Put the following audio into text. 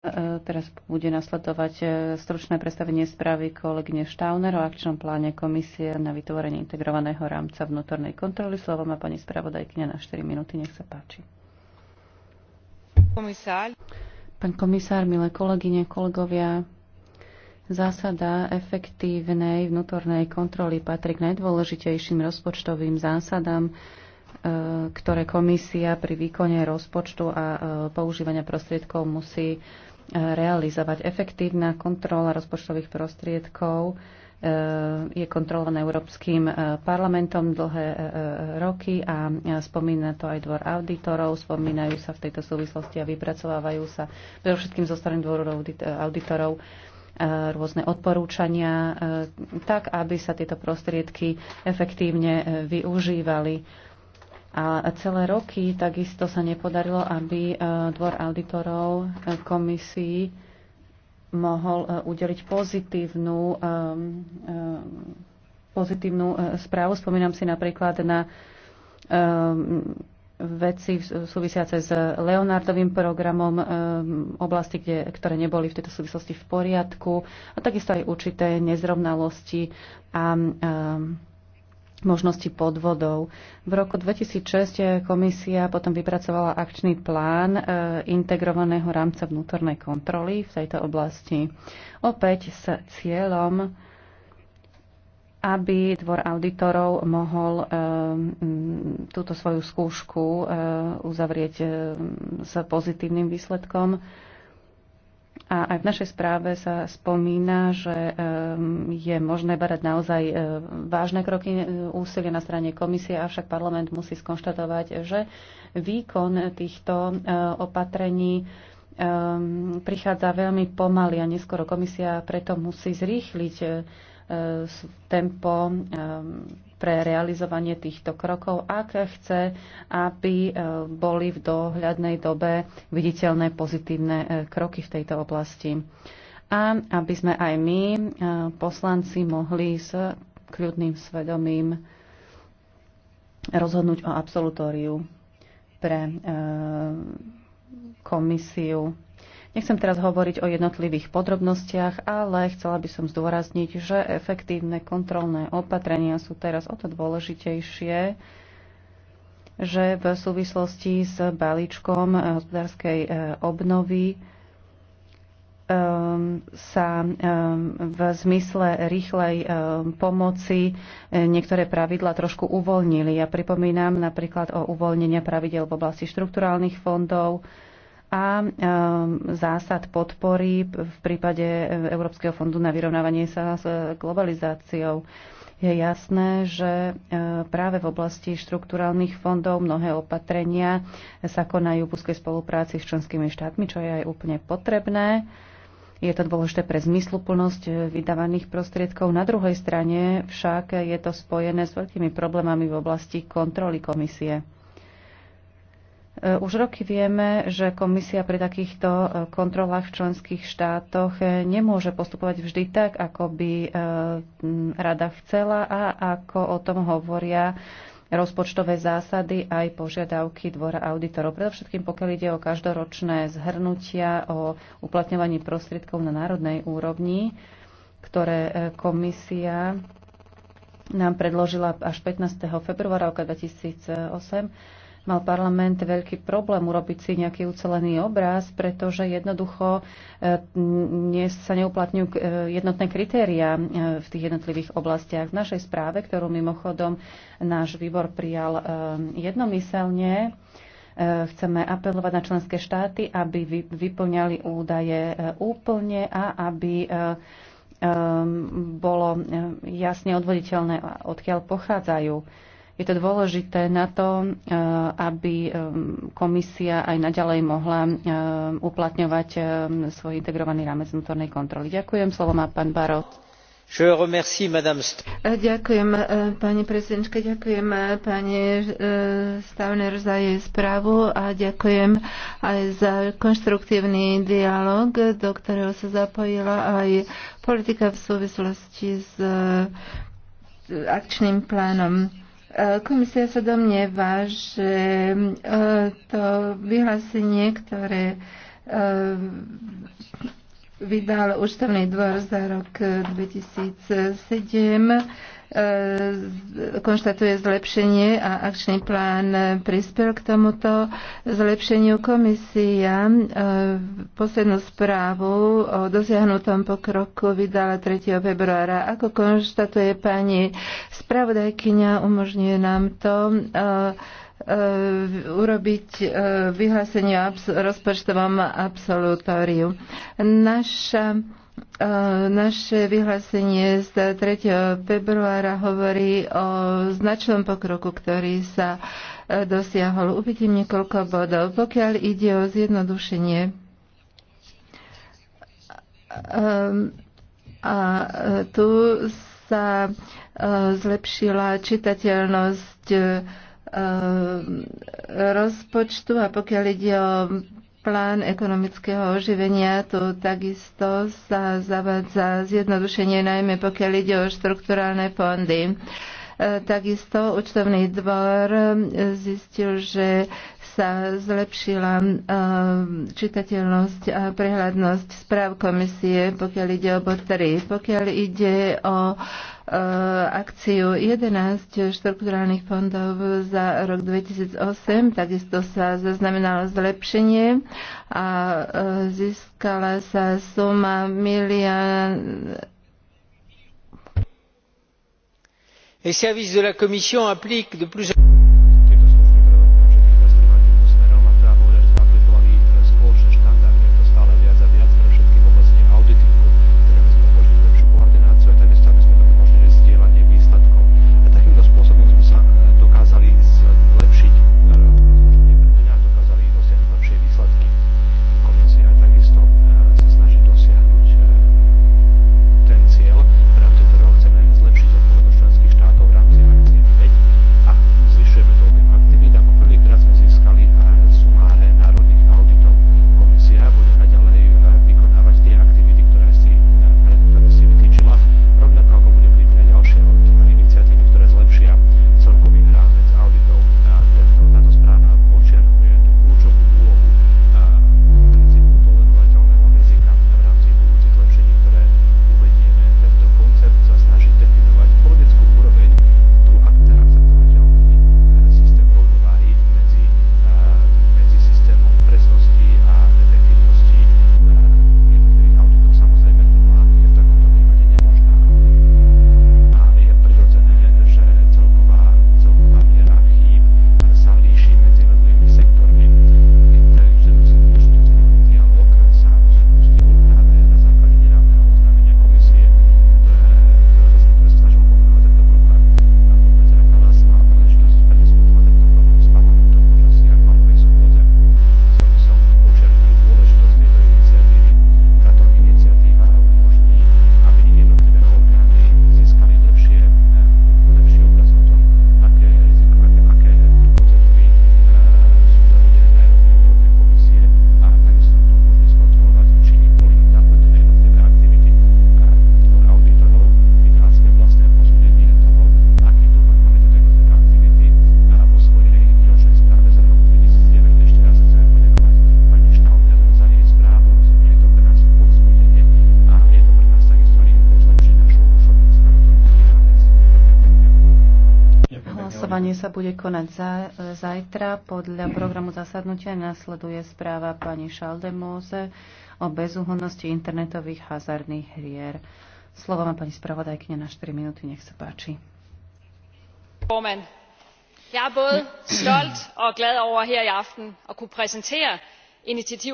E, teraz bude nasledovať e, stručné predstavenie správy kolegyne Štauner o akčnom pláne komisie na vytvorenie integrovaného rámca vnútornej kontroly. Slovo má pani spravodajkyňa na 4 minúty. Nech sa páči. Komisár. Pán komisár, milé kolegyne, kolegovia, zásada efektívnej vnútornej kontroly patrí k najdôležitejším rozpočtovým zásadám, e, ktoré komisia pri výkone rozpočtu a používania prostriedkov musí realizovať. Efektívna kontrola rozpočtových prostriedkov e, je kontrolovaná Európskym e, parlamentom dlhé e, roky a spomína to aj dvor auditorov, spomínajú sa v tejto súvislosti a vypracovávajú sa predovšetkým zo strany dvoru auditorov rôzne odporúčania, tak aby sa tieto prostriedky efektívne využívali a celé roky takisto sa nepodarilo, aby e, dvor auditorov e, komisii mohol e, udeliť pozitívnu, pozitívnu správu. Spomínam si napríklad na veci súvisiace s Leonardovým programom, oblasti, kde, ktoré neboli v tejto súvislosti v poriadku a takisto aj určité nezrovnalosti a možnosti podvodov. V roku 2006 eh, komisia potom vypracovala akčný plán eh, integrovaného rámca vnútornej kontroly v tejto oblasti. Opäť s cieľom aby dvor auditorov mohol eh, túto svoju skúšku uzavrieť s pozitívnym výsledkom a aj v našej správe sa spomína, že ehm, je možné badať naozaj e, vážne kroky e, úsilie na strane komisie, avšak parlament musí skonštatovať, že výkon týchto e, opatrení ehm, prichádza veľmi pomaly a neskoro komisia preto musí zrýchliť tempo ehm, pre realizovanie týchto krokov, ak chce, aby e, boli v dohľadnej dobe viditeľné pozitívne e, kroky v tejto oblasti. A aby sme aj my, e, poslanci, mohli s kľudným svedomím rozhodnúť o absolutóriu pre komisiu Nechcem teraz hovoriť o jednotlivých podrobnostiach, ale chcela by som zdôrazniť, že efektívne kontrolné opatrenia sú teraz o to dôležitejšie, že v súvislosti s balíčkom eh, hospodárskej eh, obnovy ehm, sa ehm, v zmysle rýchlej ehm, pomoci eh, niektoré pravidla trošku uvoľnili. Ja pripomínam napríklad o uvoľnenia pravidel v oblasti štrukturálnych fondov, a um, zásad podpory v prípade e, Európskeho fondu na vyrovnávanie sa s e, globalizáciou. Je jasné, že e, práve v oblasti štrukturálnych fondov mnohé opatrenia sa konajú v úzkej spolupráci s členskými štátmi, čo je aj úplne potrebné. Je to dôležité pre zmysluplnosť vydávaných prostriedkov. Na druhej strane však je to spojené s veľkými problémami v oblasti kontroly komisie. E, už roky vieme, že komisia pri takýchto e, kontrolách v členských štátoch e, nemôže postupovať vždy tak, ako by rada chcela a ako o tom hovoria rozpočtové zásady aj požiadavky Dvora auditorov. Predovšetkým pokiaľ ide o každoročné zhrnutia o uplatňovaní prostriedkov na národnej úrovni, ktoré komisia nám predložila až 15. februára roka 2008 mal parlament veľký problém urobiť si nejaký ucelený obraz, pretože jednoducho nie sa neuplatňujú e, jednotné kritéria e, v tých jednotlivých oblastiach. V našej správe, ktorú mimochodom náš výbor prijal e, jednomyselne, chceme apelovať na členské štáty, aby vyplňali údaje úplne a aby bolo jasne odvoditeľné, odkiaľ pochádzajú je to dôležité na to, e, aby e, komisia aj naďalej mohla e, uplatňovať svoj integrovaný rámec vnútornej kontroly. Ďakujem. Slovo má pán Barot. Remercie, ďakujem pani prezidentka, ďakujem pani Stavner za jej správu a ďakujem aj za konštruktívny dialog do ktorého sa zapojila aj politika v súvislosti s akčným plánom Komisia sa domnieva, že e, to vyhlásenie, ktoré e, vydal Ústavný dvor za rok 2007 eh, eh, konštatuje zlepšenie a akčný plán eh, prispel k tomuto zlepšeniu. Komisia poslednú správu o dosiahnutom pokroku vydala 3. februára. Ako konštatuje pani spravodajkyňa, umožňuje nám to E, urobiť e, vyhlásenie o rozpočtovom absolutóriu. Naša e, naše vyhlásenie z 3. februára hovorí o značnom pokroku, ktorý sa dosiahol. Uvidím niekoľko bodov. Pokiaľ ide o zjednodušenie a tu sa zlepšila čitateľnosť Ehm, rozpočtu a pokiaľ ide o plán ekonomického oživenia, tu takisto sa zavádza zjednodušenie, najmä pokiaľ ide o štrukturálne fondy. Ehm, takisto účtovný dvor ehm, zistil, že sa zlepšila eh, čitateľnosť a prehľadnosť správ komisie, pokiaľ ide o bod 3. Pokiaľ ide o eh, akciu 11 štrukturálnych fondov za rok 2008. Takisto sa zaznamenalo zlepšenie a eh, získala sa suma milión Les services de la Commission appliquent de plus en plus Hlasovanie sa bude konať za, zajtra. Podľa programu zasadnutia nasleduje správa pani Šaldemóze o bezúhodnosti internetových hazardných hier. Slovo má pani spravodajkyňa na 4 minúty, nech sa páči. Formand, Ja er bol stolt a glad over her i aften a kunne præsentere initiativ